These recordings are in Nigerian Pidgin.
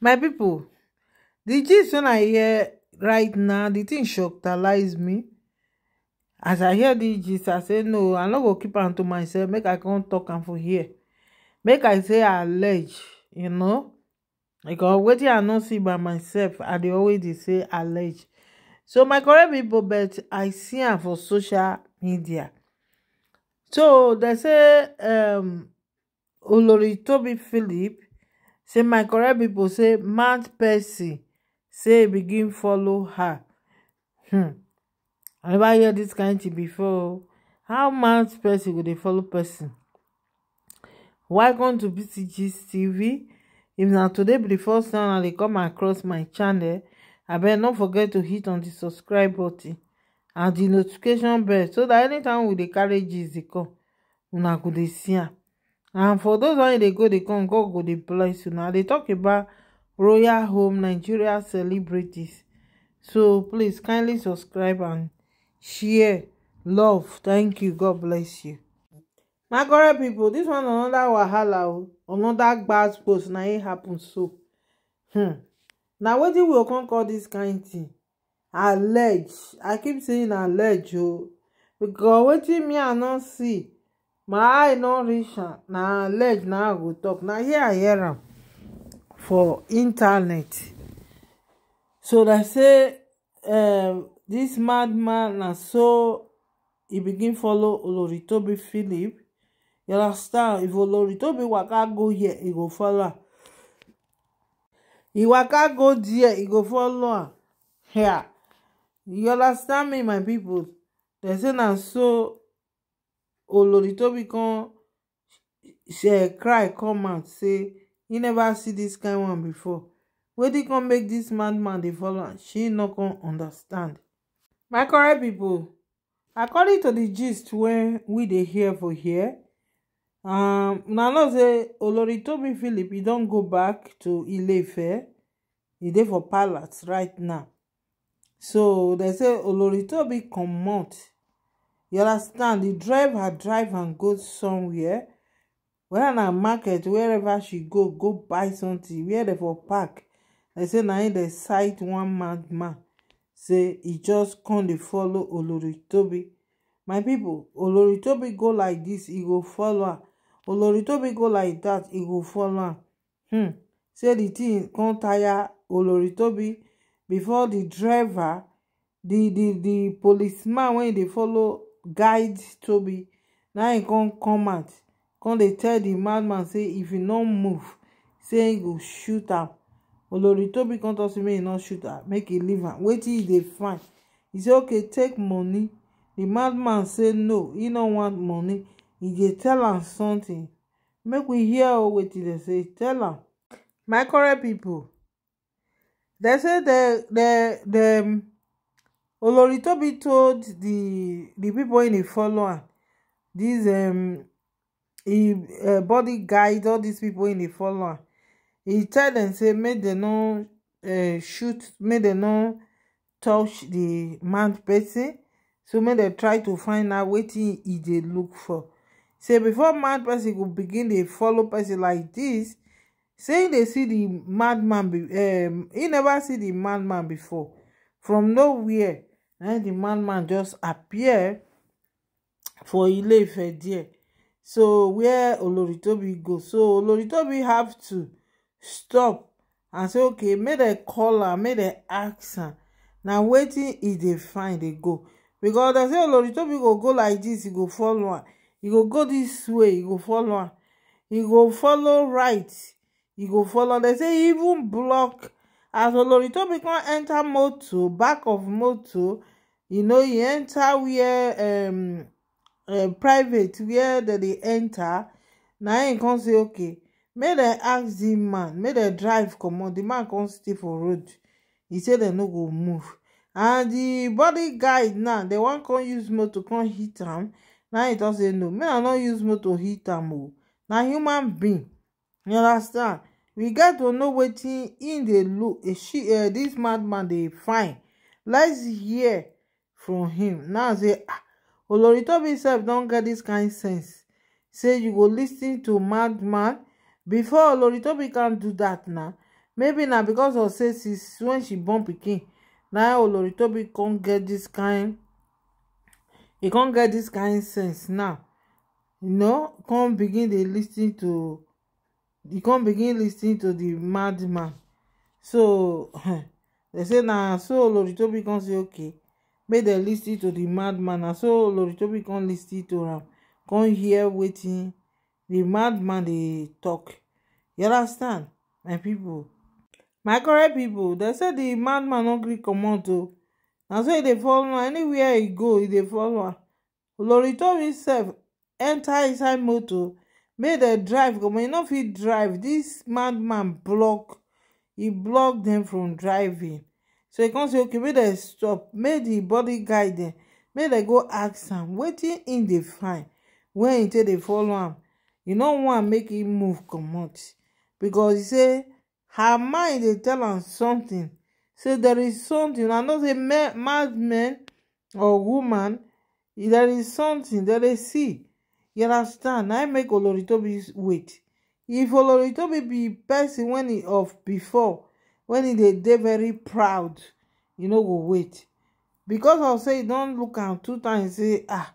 my people, the gist wey i hear right now di tin shocktalize me as i hear dis gist i say no i no go keep am to myself make i come talk am for here make i say allege you know because wetin i no see by myself i dey always dey say allege so my correct pipo but i see am for social media so dem say um olori tobi philip say my correct people say mad Percy say begin follow her hmm i never hear this kind tin before how mad Percy go dey follow pesin welcome to btg tv if na today be di first time i dey come across my channel I better not forget to hit on the subscribe button and the notification bell so that anytime we dey carry gist dey come una go dey see am and for those one they go they come god go dey bless you now they talk about royal home nigeria celebrities so please kindly subscribe and share love thank you god bless you my God, people, this one another wahala oh. another bad post Now it happen so hmm what wetin we come call dis kain tin allege i keep saying allege o oh. because wetin me i not see my eye no reach na leg na i go talk na here i hear am for internet so dat say dis um, madman na so he begin follow oloritobi philip you understand if oloritobi waka go here He go follow am e waka go there He go follow am here you understand me my people? dem say na so olori com cry come out say he never see this kind one before wetin come make this madman dey follow am she no come understand my correct pipo according to di gist wey we dey hear for here um na know say oloritobi philip e don go back to ilefe e dey for palace right now so dem say oloritobi comot you understand the driver drive and go somewhere whether na market wherever she go go buy something where they for park dem say na im dem sight one mad man say he just come dey follow oloritobi my people, oloritobi go like this. He go follow her oloritobi go like that. He go follow am hmm say the thing. come tire oloritobi before the driver The the the policeman when they follow guide Toby. Now he come come out come they tell the madman say if he no move say he go shoot am olori Toby come talk say make e no shoot am make e leave am wetin e they find e say okay take money The madman say no He don't want money He they tell him something make we hear o wetin they say tell am my correct people. They say the the the oloritobi told the the people in the follow am dis um im uh, body guide all these people in the follow am e tell dem say make they no uh, shoot make they no touch the man person so may they try to find out what he they look for say before mad person could begin dey follow person like this, saying they dey see di madman um he never see di madman before from nowhere eh, the man man just appear for Ile-Ife there so where Oloritobi go so Oloritobi have to stop and say okay make dem call am make dem ask am na wetin e dey find dey go because dem say Oloritobi go go like this e go follow am e go go this way e go follow am e go follow right e go follow dem say even block as Oloritobi Tobi come enter motor back of motor you know e enter where um, um, private where dem dey enter na im con say ok make dem ask di man make dem drive comot di man con stay for road e say dem no go move and di body guide now dey wan con use motor con hit am na im tok say no make i no use motor hit am o na human being you understand we get to know wetin im dey look eh, she eh, this madman dey find lets hear. from him now say ah oloritobi sef don't get dis kain sense say you go lis to madman before oloritobi can't do that now. maybe now because of say since when she born pikin na oloritobi can't get this kind. He can't get dis kain sense now you know can't begin the listening to e can't begin listening to the madman so they say na so oloritobi can say okay make dem lis ten to the madman na so oloritobi come lis ten to am come hear wetin di madman dey talk you understand my people, my correct people. dem say the madman no gree comot o na so he dey follow am anywhere he go He dey follow am oloritobi sef enta inside motor make dem drive comot e no fit drive dis madman block He block dem from driving so he come say okay make dem stop make body guide dem make dem go ask him. Waiting in the find wen im take dey follow am e no wan make him move comot because he say her mind They tell him something So there is something i know say mad men or woman there is something dem dey see you understand na im make oloritobi wait if oloritobi be person when he of before When e dey dey very proud e no go wait because of say e don look am two times say ah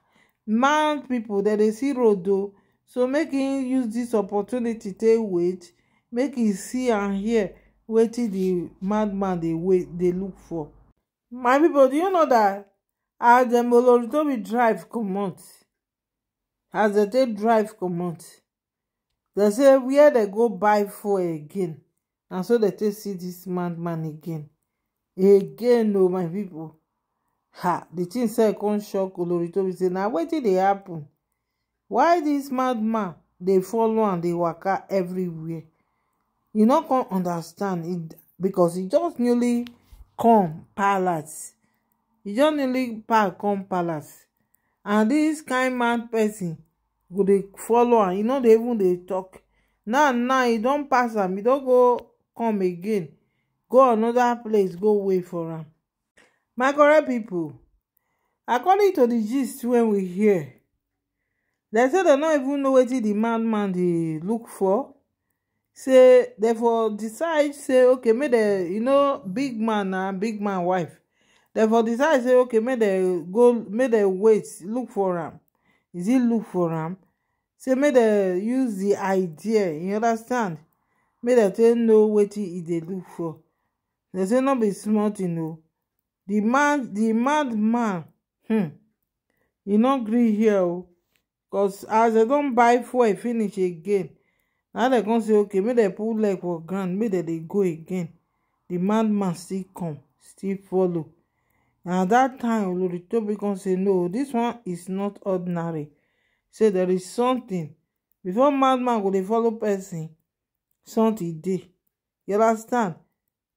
man people. dem dey see road o so make him use this opportunity take wait make he see and hear wetin di madman dey look for my people. do you know that? as dem oloritobi drive comot as dem take drive comot dem say where dem go buy fuel again na so dem take see dis madman again again o oh, my pipo ha di tin sef come shock oloritobi say na wetin dey happen why dis madman? man dey follow am dey waka everywhere e no come understand because e just newly come palace e just newly pack come palace and dis kind mad person go dey follow am e no dey even dey talk. now now e don pass am e don go come again go another place go wait for am my correct people, according to the gist wey we hear dem say dem no even know wetin di madman dey look for say dem for decide say okay make dem you know big man na big man wife dem for decide say okay make dem go make dem wait look for am is he look for am say make dem use the idea you understand make dem take know wetin e dey look for dem say no be small tin o di mad man hmm e no gree hear o cos as dem don buy fuel finish again na dem come say okay make dem put leg for ground make dem dey go again The mad man still come still follow na that time oloritobi come say no this one is not ordinary say there is something before madman go dey follow person something dey you understand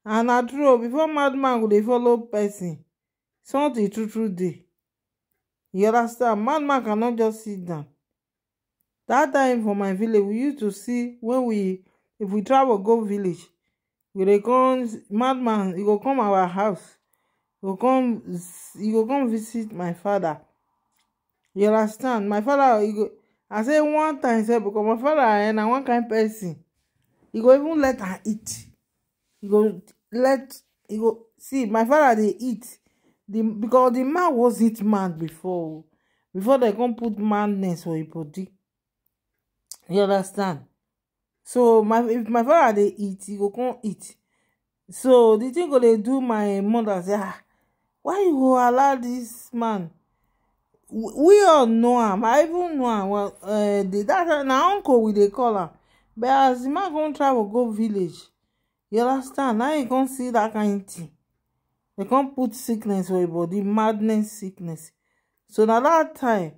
and na true before madman go dey follow person something true true dey you understand madman cannot just sit down That time for my village we used to see when we if we travel go village we dey come madman He go come our house He go come He go come visit my father you understand my father e go i say one time sef because my father eh na one kind person He go even let her eat He go let he go see my father dey eat the because the man wasn't mad before oh. before they come put madness for him body you understand so my if my father dey eat he go come eat so the thing go dey do my mother say ah why you go allow this man we all know am i even know am well uh, the, that na uncle we dey call am but as di man come travel go village you understand na him come see dat kind tin dem come put sickness for him body madness sickness so na dat time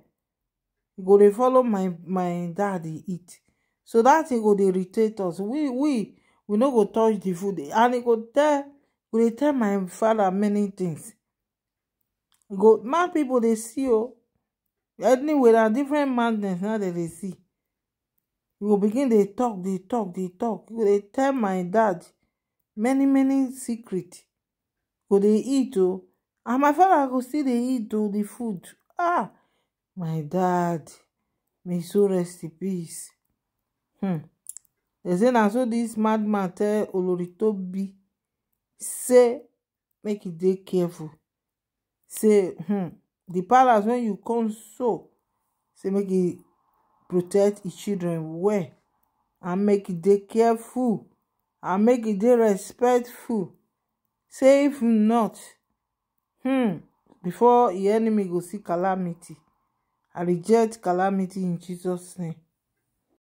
e go dey follow my my dad dey eat so dat thing go dey irritate us we we we no go touch di food and e go tell e go dey tell my father many things e go mad pipo dey see o anyweda different madness na dem dey see. we go begin dey talk dey talk dey talk you go tell my dad many-many secret go dey eat o and my father go still dey eat the food ah! my dad may so rest in peace hmm e say na so dis madman tell olorinto bi say make e dey careful say hmm di palace when you come so say make e. protect his children well and make e dey careful and make e dey respectful say if not hmm, before the enemy go see calamity i reject calamity in jesus name